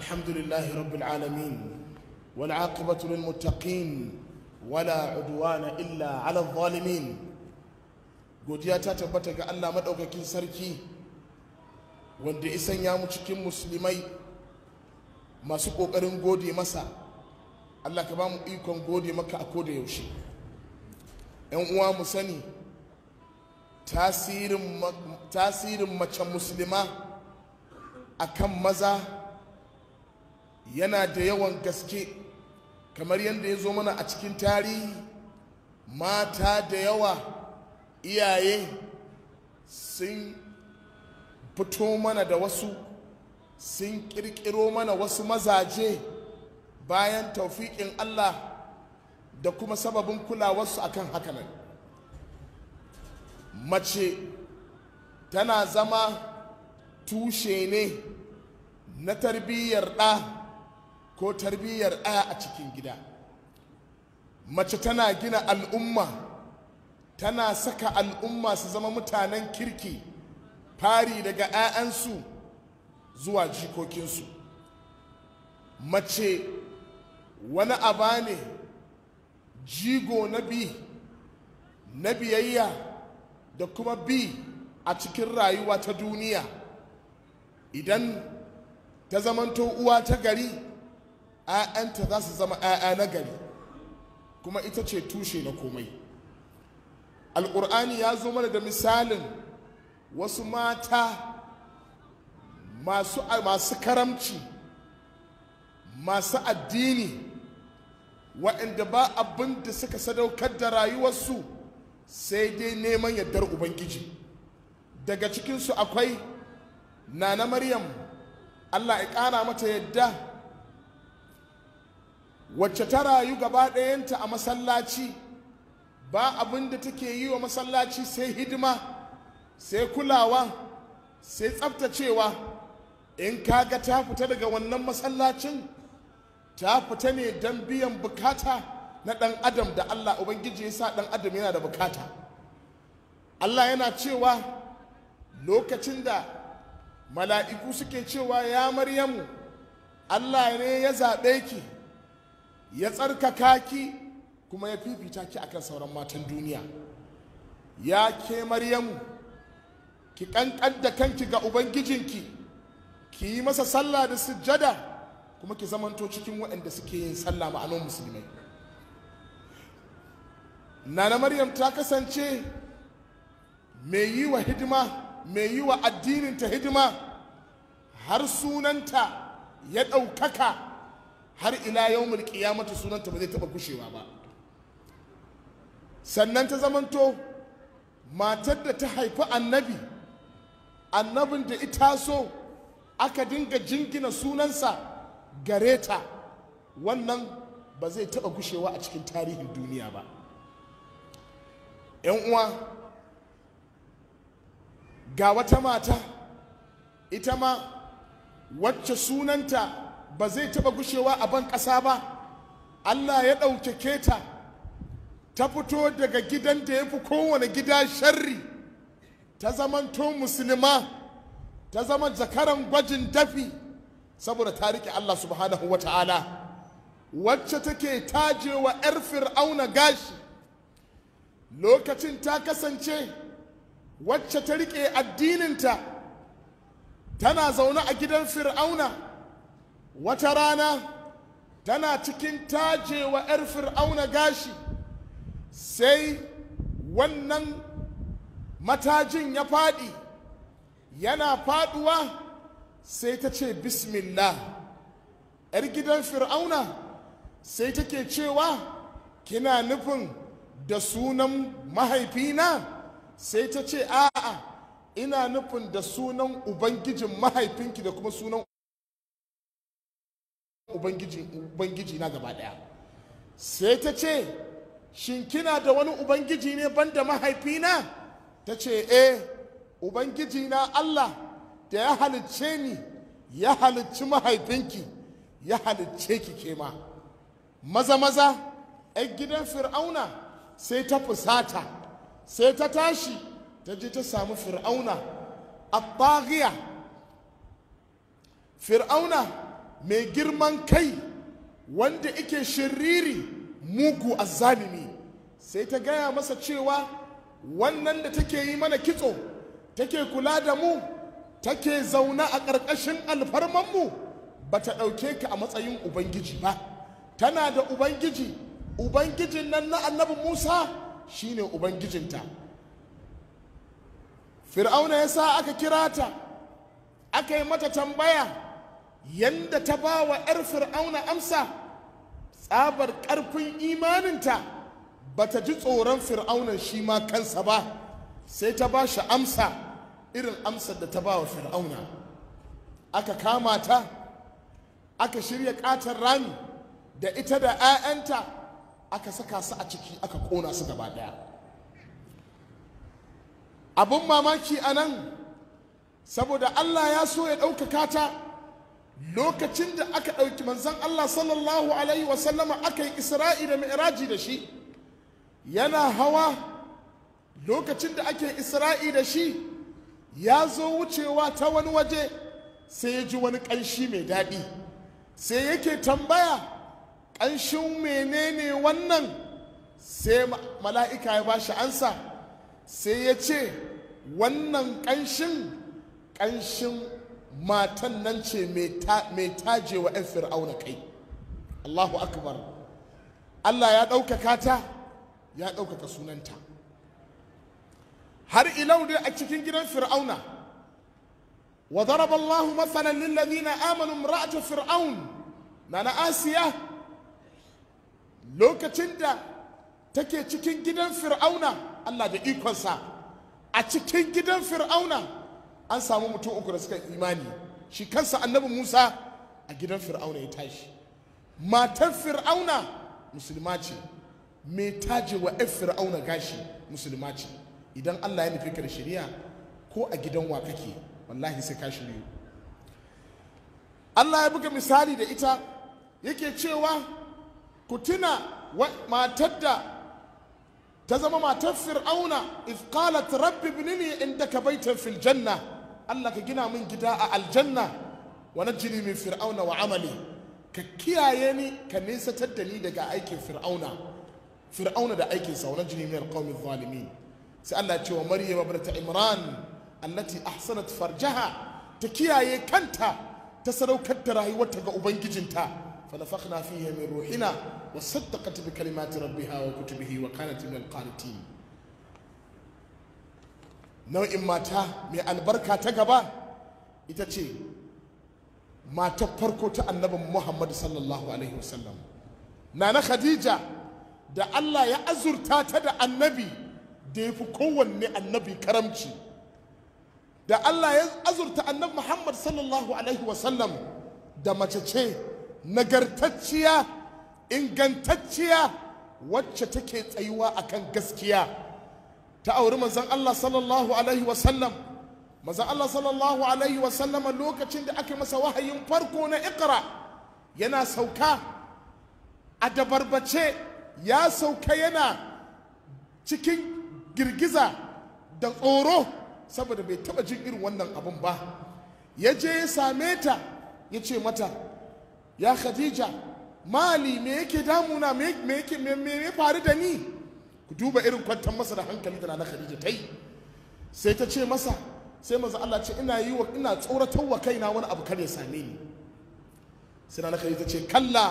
الحمد لله رب العالمين والعاقبة للمتقين ولا عدوان إلا على الظالمين godiya ta tabbata ga Allah maɗaukakin sarki wanda ya mu cikin musulmai masu kokarin gode masa Allah ka ba mu ikon gode maka a koda yaushe ‘yan uwa mu sani tasirin mace musulma a kan maza yana da yawan gaske kamar yadda ya zo mana a cikin tarihi mata da yawa iyaye sun fito mana da wasu sun kirkiro mana wasu mazaje bayan taufiƙin Allah da kuma sababin kulawarsu akan hakanan mace tana zama tushe ne na tarbiyyar ɗa ko tarbiyyar A a cikin gida mace tana gina al'umma tana saka al'umma su zama mutanen kirki fari daga 'ya'yansu zuwa jikokinsu mace wani aba ne jigo na bi na biyayya da kuma bi a cikin rayuwa ta duniya idan ta zamanto uwa ta gari 'ya'yanta za su zama 'ya'ya na gari kuma ita ce tushe na komai alƙur'ani ya zo mana da misalin wasu mata masu, masu karamci masu addini waɗanda ba abin da suka sadaukar da rayuwarsu sai dai neman yardar ubangiji daga cikinsu akwai nana maryam allah ya ƙara mata yadda wacce ta rayu gaba ɗayanta a masallaci ba abin da take yi wa masallaci sai hidima sai kulawa sai tsaftacewa in kaga ta fita daga wannan masallacin ta fita ne don biyan bukata na ɗan adam da allah ubangiji ya sa ɗan adam yana da bukata allah yana cewa lokacin da mala'iku suke cewa ya maryamu allah ne ya zaɓe ki ya tsarkaka ki kuma ya fifita ki akan sauran matan duniya ya ke Maryam ki kankan da kanki ga ubangijinki ki yi masa sallah da sujjada kuma ki zamanto cikin waɗanda suke yin sallah ma'anon musulmai nana maryam ta kasance mai yi wa hidima mai yi wa addininta hidima har sunanta ya ɗaukaka har ila ya mata sunanta ba zai taba gushewa ba sannan ta zamanto matar da ta haifi annabi annabin da ita so aka dinga jingina sunansa gare ta wannan ba zai taba gushewa a cikin tarihin duniya ba 'yan uwa ga wata mata ita ma wacce sunanta ba zai taɓa gushewa a ban ƙasa ba Allah ya ɗauke keta ta fito daga gidan da ya fi kowane gida sharri ta zamanto musulma ta zama zakaran gwajin dafi saboda ta riƙe Allah subhanahu wa ta'ala wacce take tajewa 'yar fir'auna gashi lokacin ta kasance wacce ta riƙe addininta tana zaune a gidan fir'auna wata rana tana cikin tajewa 'yar fir'auna gashi sai wannan matajin ya faɗi yana faɗuwa sai ta ce bismillah 'yar gidan fir'auna sai take cewa kina nufin da sunan mahaifina sai ta ce a'a ina nufin da sunan ubangijin mahaifinki da kuma sunan ubangiji na gaba daya sai ta ce shin kina da wani ubangiji ne banda mahaifina ta ce eh ubangiji na allah da ya halicce ni ya halicci mahaifinki ya halicce ki ma maza maza 'yan gidan fir'auna sai ta fusata sai ta tashi ta je ta samu fir'auna a fir'auna mai girman kai wanda ike shiriri mugu azzalimi sai ta gaya masa cewa wannan da take yi mana kitso take kula da mu take zauna a ƙarƙashin alfarmanmu ba ta ɗauke ka a matsayin ubangiji ba tana da ubangiji ubangijin nan na annabi musa shine ubangijinta fir'auna ya sa aka kira ta aka yi mata tambaya yanda ta ba wa 'yar fir'auna amsa tsabar ƙarfin imaninta ba ta ji tsoron fir'aunan shi ma kansa ba sai ta ba shi amsa irin amsar da ta ba wa fir'auna aka kama ta aka shirya ƙatar rami da ita da 'ya'yanta aka saka su a ciki aka ƙona su gaba ɗaya abin mamaki a nan saboda allah ya so ya ɗaukaka ta lokacin da aka ɗauki manzan Allah sallallahu alaihi wasallama aka yi isra'i da mi'raji da shi yana hawa lokacin da ake isra'i da shi ya zo wucewa ta wani waje sai ya ji wani ƙanshi mai daɗi sai yake tambaya ƙanshin menene wannan sai mala'ika ya ba shi ansa sai ya ce wannan ƙanshin ƙanshin matan nan ce mai tajewa 'yan fir'auna kai allahu akbar allah ya ɗaukaka ta ya ɗaukaka sunanta har ilau dai a cikin gidan fir'auna wa daraba allahu matsalan lillazina amanu imra'atu fir'aun na na asiya lokacin da take cikin gidan fir'auna allah da ikonsa a cikin gidan fir'auna an samu mutum uku da suka imani shi kansa annabi musa a gidan fir'auna ya tashi matar fir'auna musulma ce mai taje wa 'yan fir'auna gashi musulma ce idan allah ya nufi ka da shari'a ko a gidan wa kake wallahi sai ka ne. allah ya buga misali da ita yake cewa ku tuna matar da ta zama matar fir'auna if qalat rabbi ibnini indaka baitan fil janna Allah ka gina min gida a aljanna wa najini min fir'auna wa amali ka kiyaye ni ka nisatar da ni daga aikin fir'auna fir'auna da aikinsa wa najini min alqawmi zalimin sai Allah ce wa maryam ibnat imran allati ahsanat farjaha ta kiyaye kanta ta sadaukar da rayuwarta ga ubangijinta فنفخنا فيها من روحنا وصدقت بكلمات ربها وكتبه وكانت من القانتين nau'in mata mai albarka ta gaba ita ce matar farko ta annabin muhammad sallallahu alaihi wasallam nana khadija da allah ya azurta ta da annabi da ya fi kowanne annabi karamci da allah ya azurta annabi muhammad sallallahu alaihi wasallam da mace ce nagartacciya ingantacciya wacce take tsayuwa akan gaskiya ta auri manzon Allah sallallahu alaihi wasallam manzon Allah sallallahu alaihi wasallam lokacin da aka masa wahayin farko na ikra yana sauka a dabarbace ya sauka yana cikin girgiza da tsoro saboda bai taba jin irin wannan abun ba ya je ya same ta ya ce mata ya khadija mali me yake damuna me yake me faru da ni ku duba irin kwantar masa da hankali da na khadija ta yi sai ta ce masa sai maza Allah ce ina yi wa ina tsoratar wa kaina wani abu kar ya same ni sai na khadija ta ce kalla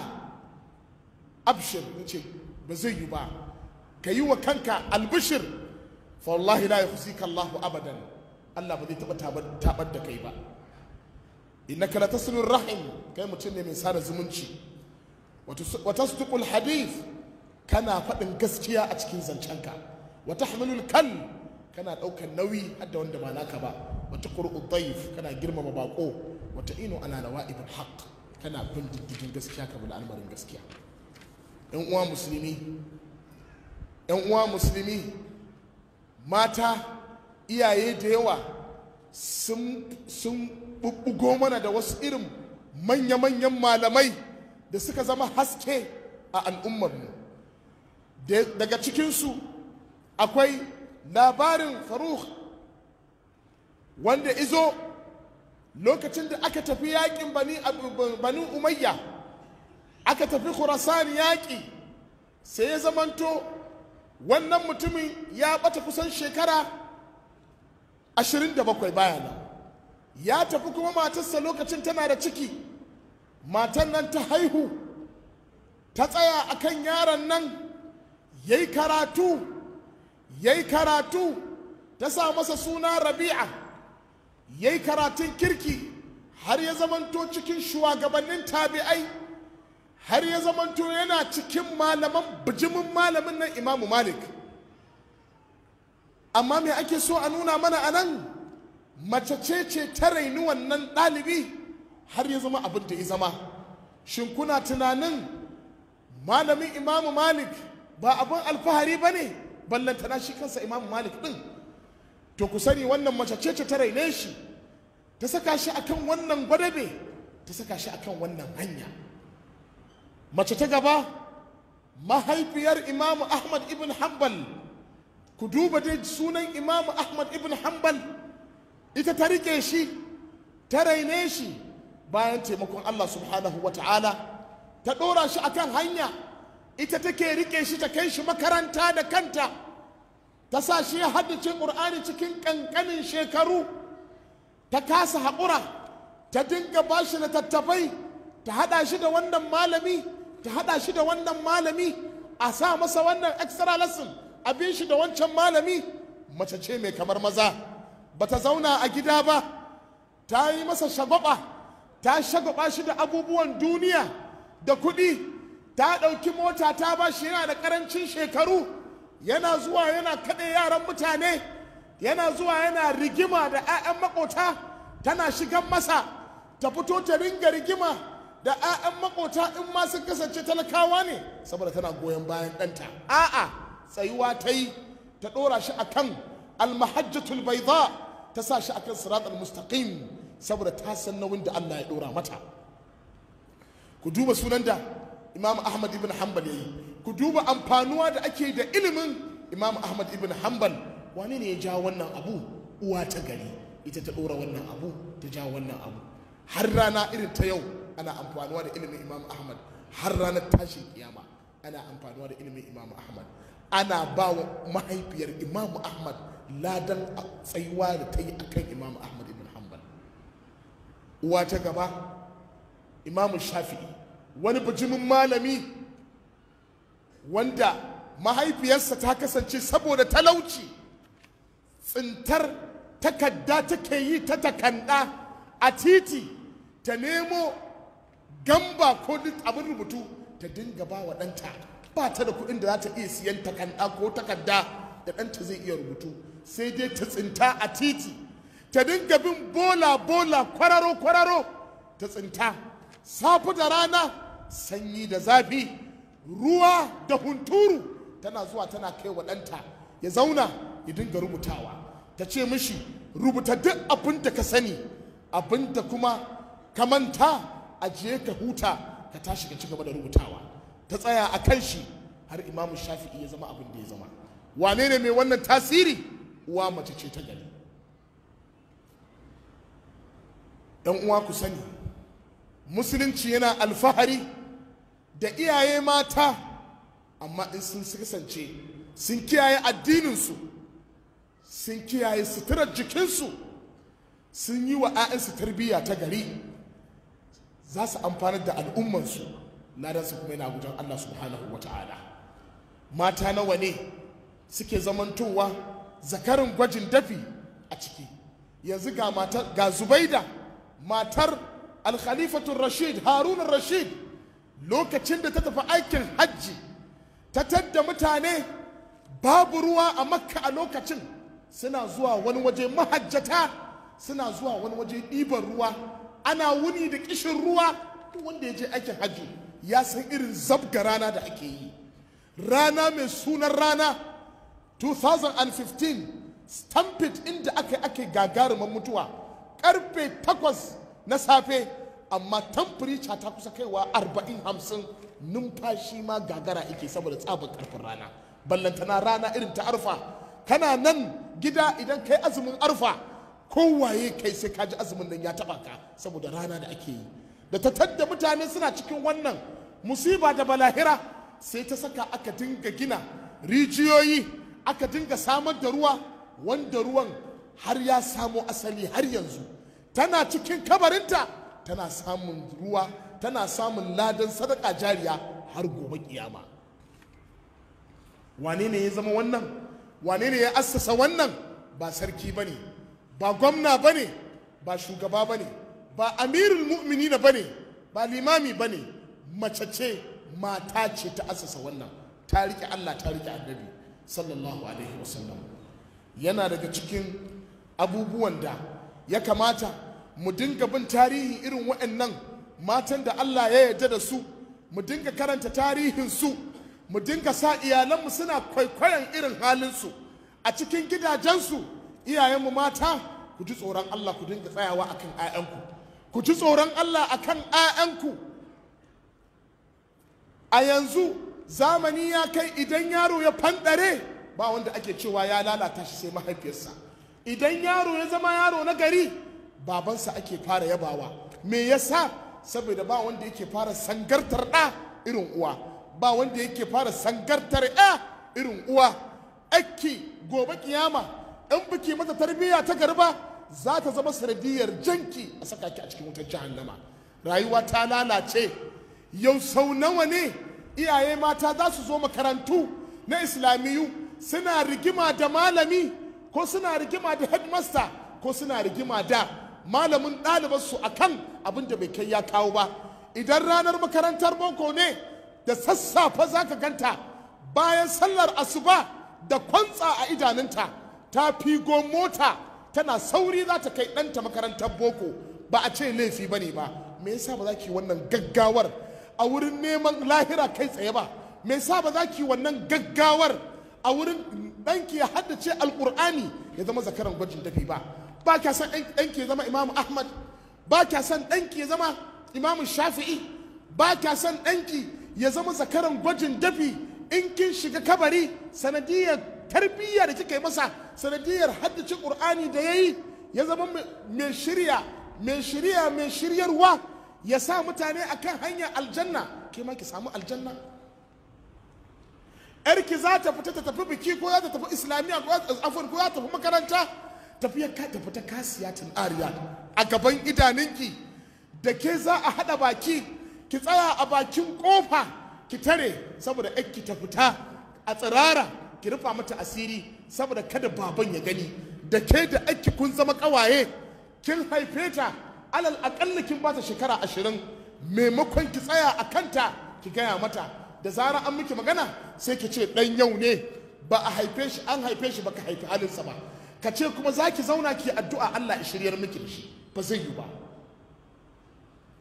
abshir ta ce ba zai yi ba ka yi wa kanka albishir fa wallahi la yuhsika Allahu abadan Allah ba zai taba tabar da kai ba innaka la tasilur kai mutum ne mai sada zumunci wa tasduqul kana faɗin gaskiya a cikin zancenka wata tahmilul kal kana ɗaukan nauyi hadda wanda ba naka ba wa tuqru dhayf kana girmama bako wa ta'inu ala nawa'ibul haqq kana bin diddigin gaskiya ka bin gaskiya yan uwa musulmi yan uwa musulmi mata iyaye da yawa sun bubbugo mana da wasu irin manya-manyan malamai da suka zama haske a al'ummar mu. daga cikinsu akwai labarin faruk wanda izo lokacin da aka tafi yakin bani umayya aka tafi khurasan yaƙi sai ya zamanto wannan mutumin ya ɓata kusan shekara 27 bayanan ya tafi kuma matarsa lokacin tana da ciki matan nan ta haihu ta tsaya a kan yaron nan ya karatu ya karatu ta sa masa suna rabi'a ya yi karatun kirki har ya zamanto cikin shugabannin tabi'ai har ya zamanto yana cikin malaman bijimin malamin nan imamu malik amma me ake so a nuna mana anan? mace ce ce ta raini wannan ɗalibi har ya zama abin da ya zama shin kuna tunanin malamin imamu malik ba abin alfahari ba ne ballantana shi kansa imamu malik ɗin to ku sani wannan mace ce ce ta raine shi ta saka shi akan wannan gwadabe ta saka shi akan wannan hanya mace ta gaba mahaifiyar imamu ahmad ibn hanbal ku duba dai sunan imamu ahmad ibn hanbal ita ta rike shi ta raine shi bayan taimakon Allah subhanahu wa ta'ala ta ɗora shi akan hanya ita take rike shi ta kai shi makaranta da kanta ta sa shi ya haddace ƙur'ani cikin ƙanƙanin shekaru ta kasa haƙura ta dinga ba shi da tattafai ta haɗa shi da wannan malami ta haɗa shi da wannan malami a sa masa wannan extra lesson abin shi da wancan malami mace ce mai kamar maza bata zauna a gida ba ta yi masa shagwaba ta shagwaba shi da abubuwan duniya da kuɗi ta ɗauki mota ta ba shi yana da ƙarancin shekaru yana zuwa yana kaɗe yaran mutane yana zuwa yana rigima da 'ya'yan makota tana shigan masa ta fito ta ringa rigima da 'ya'yan maƙota in ma sun kasance talakawa ne saboda tana goyon bayan ɗanta a'a tsayuwa ta yi ta ɗora shi a kan almahajjatul baidha ta sa shi akan sirat al-mustaqim saboda ta san nauyin da Allah ya dora mata ku duba sunan da Imam Ahmad ibn Hanbal yayi ku duba amfanuwa da ake da ilimin Imam Ahmad ibn Hanbal wane ne ya ja wannan abu uwa ta gari ita ta dora wannan abu ta ja wannan abu har rana irin ta yau ana amfanuwa da ilimin Imam Ahmad har ranar tashin kiyama ana amfanuwa da ilimin Imam Ahmad ana ba wa mahaifiyar Imam Ahmad ladan tsayuwa da ta yi akan imam ahmad ibn hanbal uwa ta gaba imam shafi'i wani bijimin malami wanda mahaifiyarsa ta kasance saboda talauci tsintar takadda take yi ta takanda a titi ta nemo gamba ko duk abin rubutu ta dinga ba wa ɗanta ba ta da kuɗin da za ta iya siyan takanda ko takadda da ɗanta zai iya rubutu sai dai ta tsinta a titi ta dinga bin bola bola kwararo kwararo ta tsinta safi da rana sanyi da zafi ruwa da hunturu tana zuwa tana kai wa ɗanta ya zauna ya dinga rubutawa ta ce mishi rubuta duk abin da ka sani abin da kuma ka manta ajiye ka huta ka tashi ka ci gaba da rubutawa ta tsaya a kan shi har imamu shafi'i ya zama abin da ya zama wane ne mai wannan tasiri uwa mace ce ta gari Ɗan uwa ku sani musulunci yana alfahari da iyaye mata amma in sun kasance sun kiyaye addininsu sun kiyaye suturar jikinsu sun yi wa 'ya'yansu tarbiyya ta gari za su amfanar da al'ummansu na ladansu kuma yana gudan allah subhanahu wa ta'ala mata nawa ne suke zamantowa zakarin gwajin dafi a ciki yanzu ga matar ga zubaida matar alkhalifatun rashid harunan rashid lokacin da ta tafi aikin hajji ta tadda mutane babu ruwa a makka a lokacin suna zuwa wani waje mahajjata suna zuwa wani waje ɗiban ruwa ana wuni da ƙishin ruwa wanda ya je aikin hajji ya san irin zabga rana da ake yi rana mai sunan rana 2015 stampede inda aka ake gagarumin mutuwa karfe 8 na safe amma temperature ta kusa kaiwa 40-50 numfashi ma gagara ake saboda tsabin karfin rana ballantana rana irin ta arfa kana nan gida idan kai azumin arfa kowaye kai sai kaji azumin nan ya taba ka saboda rana da ake yi da ta tadda mutane suna cikin wannan musiba da balahira sai ta saka aka dinga gina rijiyoyi aka dinga samar da ruwa wanda ruwan har ya samo asali har yanzu tana cikin kabarinta tana samun ruwa tana samun ladan sadaka jariya har gobe kiyama wane ne ya zama wannan wane ne ya assasa wannan ba sarki ba ne ba gwamna ba ne ba shugaba ba ne ba amirul mu'minina ba ne ba limami ba ne mace ce mata ce ta assasa wannan ta riƙe allah ta riƙe annabi sallallahu alaihi wasallam yana daga cikin abubuwan da ya kamata mu dinga bin tarihi irin waɗannan matan da Allah ya yarda da su mu dinga karanta tarihin su mu dinga sa iyalanmu suna kwaikwayon irin halin su a cikin gidajensu iyayenmu mata ku ji tsoron Allah ku dinga tsayawa akan ayanku ku ji tsoron Allah akan 'ya'yanku a yanzu zamani ya kai idan yaro ya fanɗare ba wanda ake cewa ya lalata shi sai mahaifiyarsa idan yaro ya zama yaro na gari babansa ake fara yabawa me yasa saboda ba wanda yake fara sangartar ɗa irin uwa ba wanda yake fara sangartar ɗa irin uwa aki gobe kiyama in biki mata tarbiyya ta garba za ta zama sanadiyar janki a saka ki a cikin wutar jahannama rayuwa ta lalace yau sau nawa ne iyaye mata za su zo makarantu na islamiyu suna rigima da malami ko suna rigima da headmaster ko suna rigima da malamin ɗalibarsu akan abin da bai kai ya kawo ba idan ranar makarantar boko ne da sassafe za ka ganta bayan sallar asuba da kwantsa a idanunta ta figo mota tana sauri za ta kai ɗanta makarantar boko ba a ce laifi ba ne ba me yasa ba za ki wannan gaggawar a wurin neman lahira kai tsaye ba me yasa ba za ki wannan gaggawar a wurin ɗanki ya haddace alƙur'ani ya zama zakaran gwajin dafi ba ba kya san ɗanki ya zama imamu ahmad ba kya san ɗanki ya zama imamu shafi'i ba kya san ɗanki ya zama zakaran gwajin dafi in kin shiga kabari sanadiyar tarbiyya da kika yi masa sanadiyar haddace ƙur'ani da ya yi ya zama mai shirya mai shirya mai shiryarwa ya sa mutane a kan hanyar aljanna ke ma ki samu aljanna yarki za ta fita ta tafi biki ko za ta tafi islamiyya ko afon ko za tafi makaranta tafiya ka ta fita ta ariya a gaban idanunki da ke za a haɗa baki ki tsaya a bakin kofa ki tare saboda ki ta fita a tsirara ki rufa mata asiri saboda kada baban ya gani da ke da ake kun zama kawaye kin haife ta alal aƙalla kin bata shekara ashirin maimakon ki tsaya a kanta ki gaya mata da zarar an miki magana sai ki ce ɗan yau ne ba a haife shi an haife shi baka haifi halinsa ba ka ce kuma za ki zauna ki addu'a Allah ya shiryar miki da shi ba zai yi ba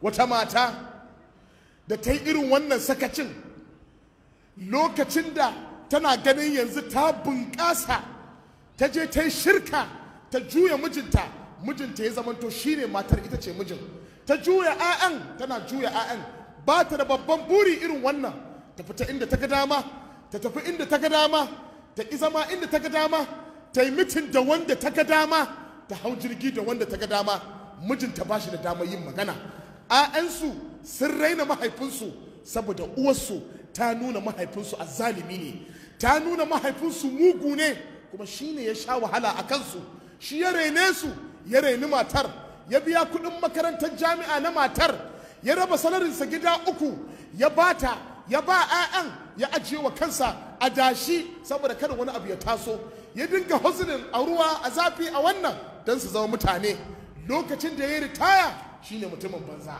wata mata da ta yi irin wannan sakacin lokacin da tana ganin yanzu ta bunƙasa ta je ta yi shirka ta juya mijinta mijinta ya zamanto ne matar ita ce mijin ta juya 'ya'yan tana juya 'ya'yan ba ta da babban buri irin wannan ta fita inda ta ga dama ta tafi inda ta ga dama ta ki zama inda ta ga dama ta yi mitin da wanda ta ga dama ta hau jirgi da wanda ta ga dama mijinta ba shi da dama yin magana 'ya'yansu sun raina mahaifinsu saboda uwarsu ta nuna mahaifinsu a zalimi ne ta nuna mahaifinsu mugu ne kuma shine ya sha wahala a kansu shi ya raine su ya raini matar ya biya kuɗin makarantar jami'a na matar ya raba salarinsa gida uku ya bata ya ba 'ya'yan ya ajiye wa kansa a dashi saboda kada wani abu ya taso ya dinga hozinin a ruwa a zafi a wannan don su zama mutane lokacin da ya ritaya shine mutumin banza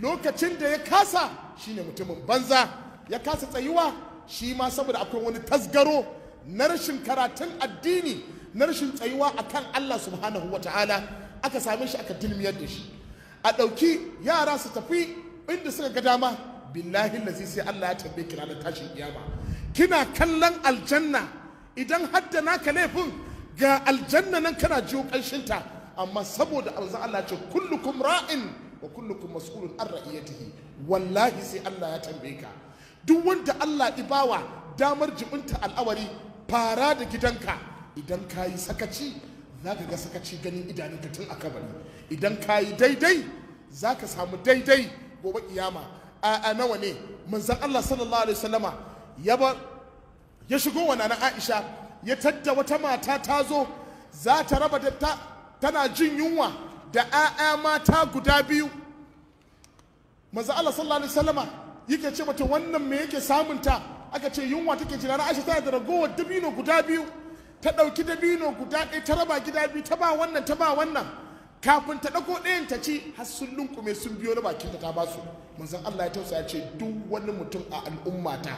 lokacin da ya kasa shine mutumin banza ya kasa tsayuwa shi ma saboda akwai wani tasgaro na rashin karatun addini na rashin tsayuwa akan Allah subhanahu wa ta'ala aka same shi aka dilmiyar da shi a ɗauki yara su tafi inda suka ga dama billahi lazi sai Allah ya tambaye kira na tashin kiyama kina kallon aljanna idan hadda naka laifin ga aljanna nan kana jiyo ta amma saboda arzan Allah ce kullukum ra'in wa kullukum mas'ulun an ra'iyatihi wallahi sai Allah ya tambaye ka duk wanda Allah ibawa damar jibinta al'awari fara da gidanka idan ka yi sakaci za ka ga sakaci ganin ka tun a kabari idan ka yi daidai za ka samu daidai gobe kiyama a nawa ne manzan Allah sallallahu alaihi wasallama ya ba ya shigo wa nana Aisha ya tadda wata mata ta zo za ta raba da ta tana jin yunwa da ƴaƴa mata guda biyu manzan Allah sallallahu alaihi wasallama yake ce mata wannan me yake samunta aka ce yunwa take jira na Aisha tana da ragowar dabino guda biyu ta ɗauki dabino guda ɗaya ta raba gida biyu ta ba wannan ta ba wannan kafin ta ɗauko ɗayan ta ci har sun lunkume sun biyo na bakin ta ta ba su manzon Allah ya tausaya ce duk wani mutum a al'ummata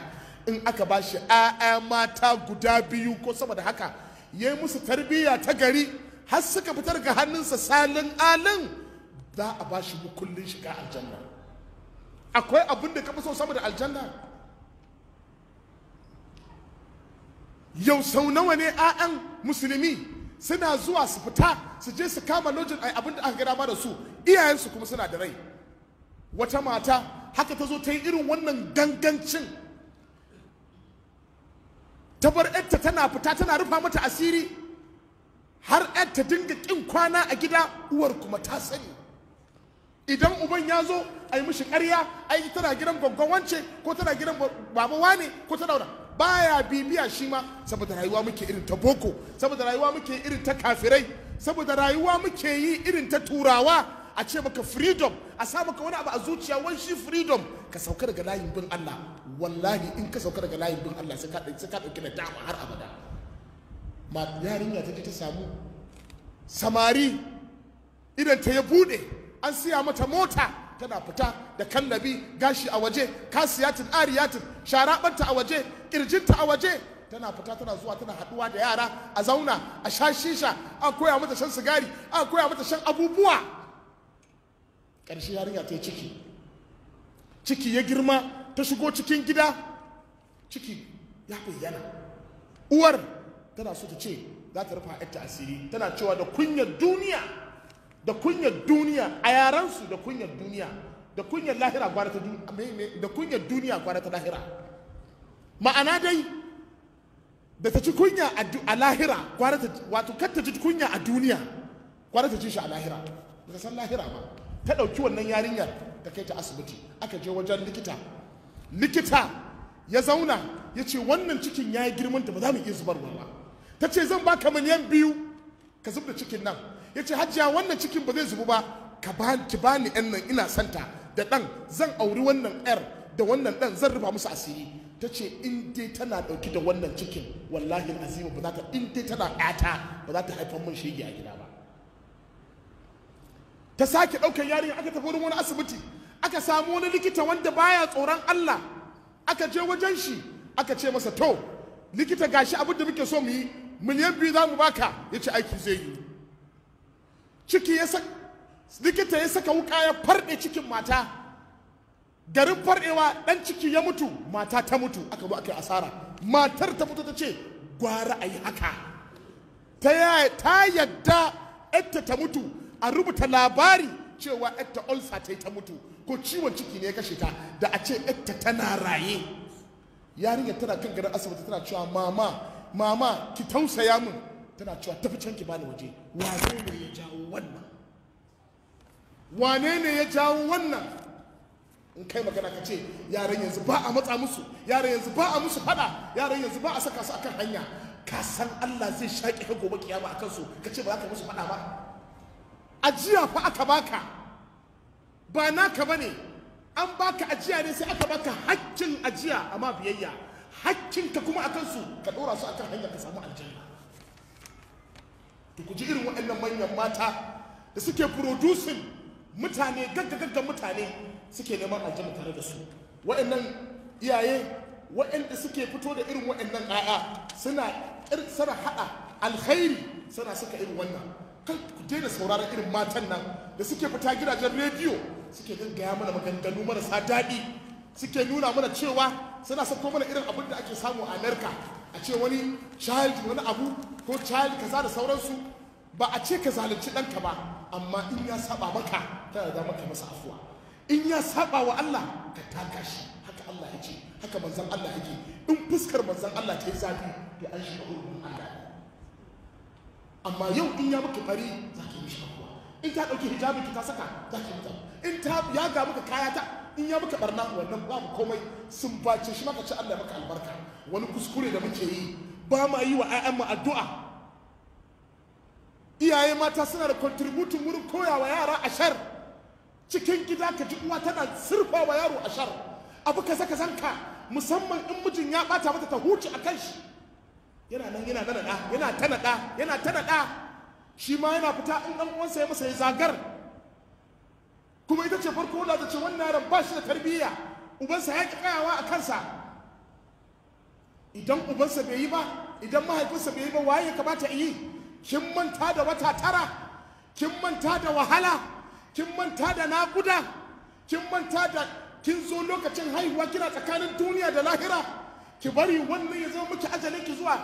in aka ba shi ‘ya'ya mata guda biyu ko sama haka yayi musu tarbiyya ta gari har suka fitar ga hannunsa salin alin za a ba shi mukullin shiga aljanna akwai abin da ka fi so sama aljanna yau sau nawa ne 'ya'yan musulmi suna zuwa su fita su je su kama lojin a abinda da aka gada ba da su iyayensu kuma suna da rai wata mata haka ta zo ta yi irin wannan gangancin ta bar yarta tana fita tana rufa mata asiri har yarta dinga kin kwana a gida uwar kuma ta sani idan uban ya zo a yi mishi karya ai tana gidan gwangwan wance ko tana gidan babawa ne ko tana baya bibiya shi ma saboda rayuwa muke irin ta boko saboda rayuwa muke irin ta kafirai saboda rayuwa muke yi irin ta turawa a ce maka freedom a sa maka wani abu a zuciya wai shi freedom ka sauka daga layin bin Allah wallahi in ka sauka daga layin bin Allah sai ka ɗauki na dama har abada ma yarinya ta ta samu samari idan ta ya buɗe an siya mata mota tana fita da kallabi gashi a waje kasiyatin ariyatin sharaɓanta a waje kirjinta a waje tana fita tana zuwa tana haduwa da yara a zauna a sha shisha a koya mata shan sigari a koya mata shan abubuwa ƙarshe yarinya ta yi ciki ciki ya girma ta shigo cikin gida ciki ya bayyana uwar tana so ta ce za ta rufa ta asiri tana cewa da kunyar duniya da kunyar duniya a yaransu da kunyar duniya da kunyar lahira gwara ta duniya da kunyar duniya gwara ta lahira ma'ana dai da ta ci kunya a lahira wato kar ta ci kunya a duniya kwara ta ci shi a lahira ba ta san lahira ba ta ɗauki wannan yarinyar ta kai ta asibiti aka je wajen likita likita ya zauna ya ce wannan cikin ya yi girman ta ba za mu iya zubarwa ba ta ce zan ba baka miliyan biyu ka zub da cikin nan ya ce hajiya wannan cikin ba zai zubu ba ka ba ki bani yan nan ina santa da ɗan zan auri wannan yar da wannan dan zan rufa musu asiri ta ce in dai tana ɗauki da wannan cikin wallahi azima ba za ta in dai tana ƴata ba za ta haifar mun shege a gida ba ta sake ɗaukar yarinya aka tafi wurin wani asibiti aka samu wani likita wanda baya tsoron Allah aka je wajen shi aka ce masa to likita gashi abin da muke so mu yi miliyan biyu za mu baka ya ce aiki zai yi ciki ya likita ya saka wuka ya farɗe cikin mata garin farɗewa ɗan ciki ya mutu mata ta mutu aka zo aka yi asara matar ta mutu ta ce gwara a yi haka ta yadda yadda ta mutu a rubuta labari cewa yadda olsa ta yi ta mutu ko ciwon ciki ne ya kashe ta da a ce yadda tana raye yarinyar tana kan garin asibiti tana cewa mama mama ki tausaya min tana cewa tafi can ki bani waje wane ne ya jawo wannan wane ne ya jawo wannan in kai magana ka ce yaran yanzu ba a matsa musu yaran yanzu ba a musu fada yaran yanzu ba a saka su akan hanya ka san Allah zai shaƙi ka gobe kiyama akan su ka ce ba za ka musu fada ba ajiya fa aka baka ba naka bane an baka ajiya ne sai aka baka haƙƙin ajiya amma biyayya haƙƙinka kuma akan su ka ɗora su akan hanya ka samu aljanna to ku ji irin waɗannan manyan mata da suke producing mutane gaggagaggan mutane suke neman aljanna tare da su wa'annan iyaye wa'anda suke fito da irin wa'annan a'a suna sana hada alkhairi suna suka irin wannan kan ku daina sauraron irin matan nan da suke fita gidajen rediyo suke gaggaya mana maganganu marasa daɗi suke nuna mana cewa suna sako mana irin abin da ake samu a amerika a ce wani child wani abu ko child kaza da sauransu ba a ce ka zalunci ɗanka ba amma in ya saba maka tana da maka masa afuwa in ya saba wa Allah ka taka shi haka Allah ya ce haka manzon Allah yake in fuskar manzon Allah ta yi zafi da an shiga mun Allah amma yau in ya maka fari za ka yi mishi abuwa in ta ɗauki hijabi ki ta saka za ka yi ta in ta ya ga maka kaya ta in ya maka barna wannan babu komai sun bace shi maka ci Allah maka albarka wani kuskure da muke yi ba ma yi wa 'ya'yanmu addu'a iyaye mata suna da kontributin wurin koyawa yara ashar cikin gida ka ji uwa tana zurfa wa yaro a shar abu kaza kazanka musamman in mijin ya bata mata ta huce a kan shi yana nan yana ta yana tanada yana tanada shi ma yana fita in ɗan uwansa ya masa ya zagar kuma ita ce farko da ce wannan yaron ba shi da tarbiyya ubansa ya a kansa idan ubansa bai yi ba idan mahaifinsa bai yi ba waye ya kamata yi kin manta da wata tara kin manta da wahala kin manta da naƙuda kin manta da kin zo lokacin haihuwa kina tsakanin duniya da lahira ki bari wannan ya zama miki ajalin ki zuwa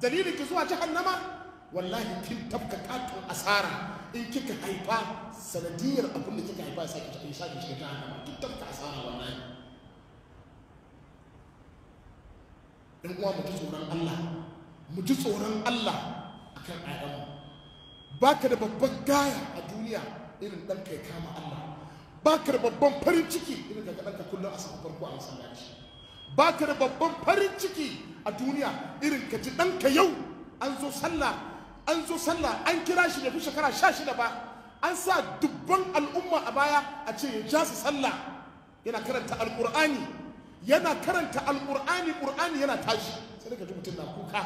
dalilin ki zuwa jahannama wallahi kin tafka katon asara in kika haifa sanadiyar abin da kika haifa sai ki sake ta jahannama kin tafka asara wallahi in uwa mu ji tsoron Allah mu ji tsoron Allah akan ayyanmu baka da babban gaya a duniya irin ɗan kai kama Allah ba ka da babban farin ciki irin ka ɗanka kullum a farko a masallaci ba ka da babban farin ciki a duniya irin ka ji ɗanka yau an zo sallah an zo sallah an kira shi da fi shekara sha shida ba an sa dubban al'umma a baya a ce ya ja su sallah yana karanta alƙur'ani yana karanta alƙur'ani ƙur'ani yana tashi sai ka ji mutum na kuka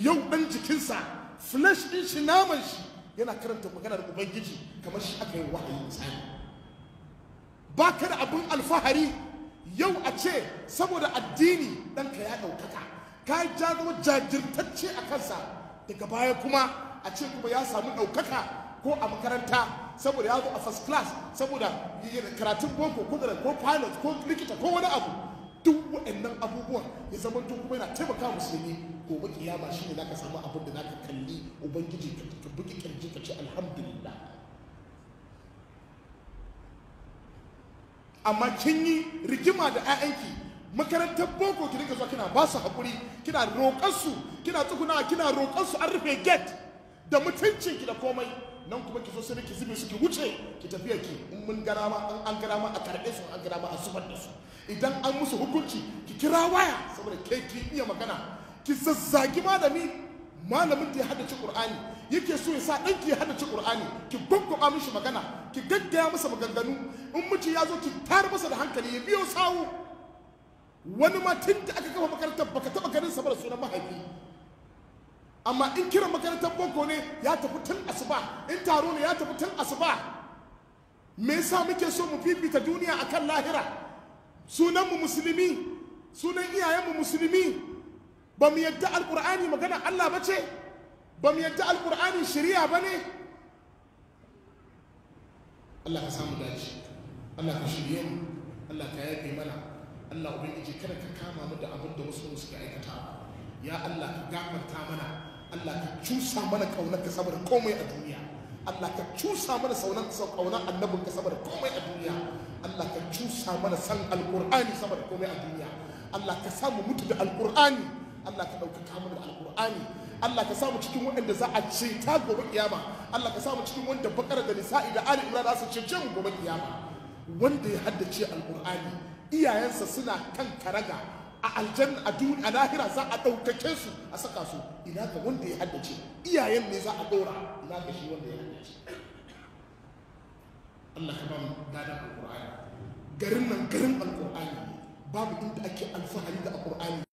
yau ɗan jikinsa flesh ɗin shi naman shi yana karanta maganar ubangiji kamar shi aka yi wahayi tsari ba ka da abin alfahari yau a ce saboda addini ɗanka ya ɗaukaka ka yi zama jajirtacce a kansa daga baya kuma a ce kuma ya samu ɗaukaka ko a makaranta saboda ya zo a first class saboda karatun boko ko da ko pilot ko likita ko wani abu duk waɗannan abubuwan ya zama kuma yana taimaka musulmi gobe kiyama shi ne zaka samu abin da zaka kalli ubangiji ka bugi kirji ka ce alhamdulillah amma kin yi rigima da 'ya'yanki makarantar boko ki rika zuwa kina ba su hakuri kina roƙar su kina tsuguna kina roƙar su an rufe gate da ki da komai nan kuma ki zo sai ki zube su ki wuce ki tafiya ki in mun garama an an a karbe su an garama a zubar da su idan an musu hukunci ki kira waya saboda kai ki iya magana ki zazzagi malami malamin da ya haddace qur'ani yake so ya sa ɗanki ya haddace qur'ani ki gwaggwaba mishi magana ki gaggaya masa maganganu in miji ya zo ki masa da hankali ya biyo sawu wani ma tun da aka kafa makarantar baka taɓa ganin sa da sunan mahaifi amma in kiran makarantar boko ne ya tafi tun asuba in taro ne ya tafi tun asuba me yasa muke so mu fifita duniya akan lahira sunan mu musulmi sunan iyayen mu musulmi ba mu yadda alkur'ani magana Allah ba ce ba mu yadda alkur'ani shari'a ba ne Allah ka samu dace Allah ka shirye mu Allah ka yafe mana Allah ubangiji kada ka kama mu da abin da wasu suke aikata ya Allah ka gafarta mana Allah ka cusa mana kaunar ka saboda komai a duniya Allah ka cusa mana saunan kaunar annabin ka saboda komai a duniya Allah ka cusa mana san alkur'ani saboda komai a duniya Allah ka samu mutu da alkur'ani Allah ka ɗauki kamar da alƙur'ani Allah ka samu cikin waɗanda za a ta gobe kiyama Allah ka samu cikin wanda bakar da nisa'i da ali imran za su ce mu gobe kiyama wanda ya haddace alƙur'ani iyayensa suna kan karaga a aljanna a duniya a lahira za a ɗaukake su a saka su ina ga wanda ya haddace iyayen ne za a ɗora ina ga shi wanda ya haddace Allah ka ba mu gadan alƙur'ani garin nan garin alƙur'ani babu inda ake alfahari da alƙur'ani